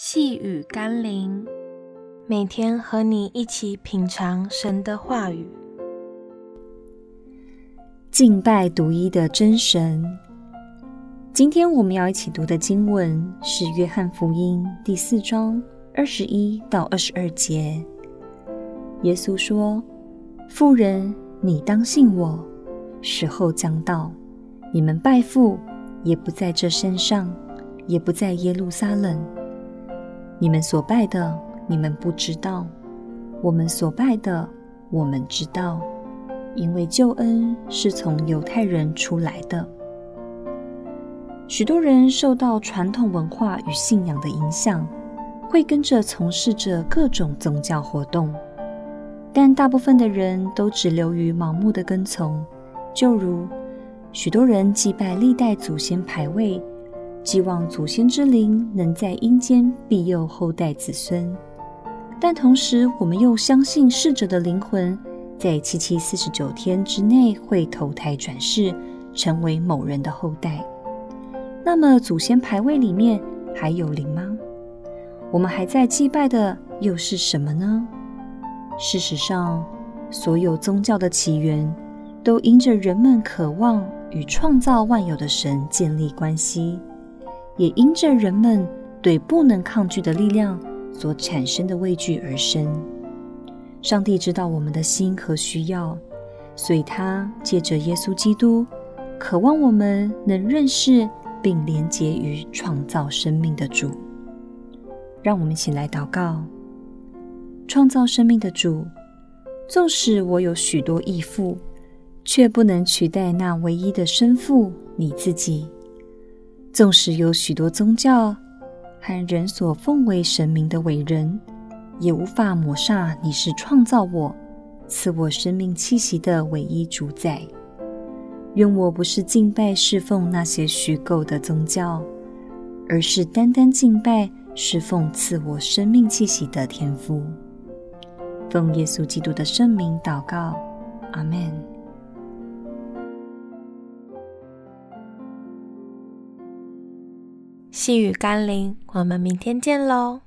細語甘霖，每天和你一起品嘗神的話語，敬拜獨一的真神。今天我們要一起讀的經文是《約翰福音》第四章二十一到二十二節。耶穌說：“婦人，你當信我，時候將到，你們拜父也不在這山上，也不在耶路撒冷。”你們所拜的，你們不知道；我們所拜的，我們知道。因為救恩是從猶太人出來的。許多人受到傳統文化與信仰的影響，會跟着從事着各種宗教活動，但大部分的人都只流於盲目的跟從，就如許多人祭拜歷代祖先牌位。冀望祖先之靈能在陰間庇佑後代子孫，但同時我們又相信逝者的靈魂在七七四十九天之內會投胎轉世，成為某人的後代。那麼，祖先牌位裡面還有靈嗎？我們還在祭拜的又是什麼呢？事實上，所有宗教的起源，都因着人們渴望與創造萬有的神建立關係。也因着人們對不能抗拒的力量所產生的畏懼而生。上帝知道我們的心和需要，所以他借着耶穌基督，渴望我們能認識並連結於創造生命的主。讓我們一起來禱告：創造生命的主，縱使我有許多義父，卻不能取代那唯一的生父祢自己。縱使有許多宗教和人所奉為神明的偉人，也無法抹煞祢是創造我、賜我生命氣息的唯一主宰。願我不是敬拜事奉那些虛構的宗教，而是單單敬拜事奉賜我生命氣息的天父。奉耶穌基督的聖名禱告，阿門。細語甘霖，我們明天見嘍。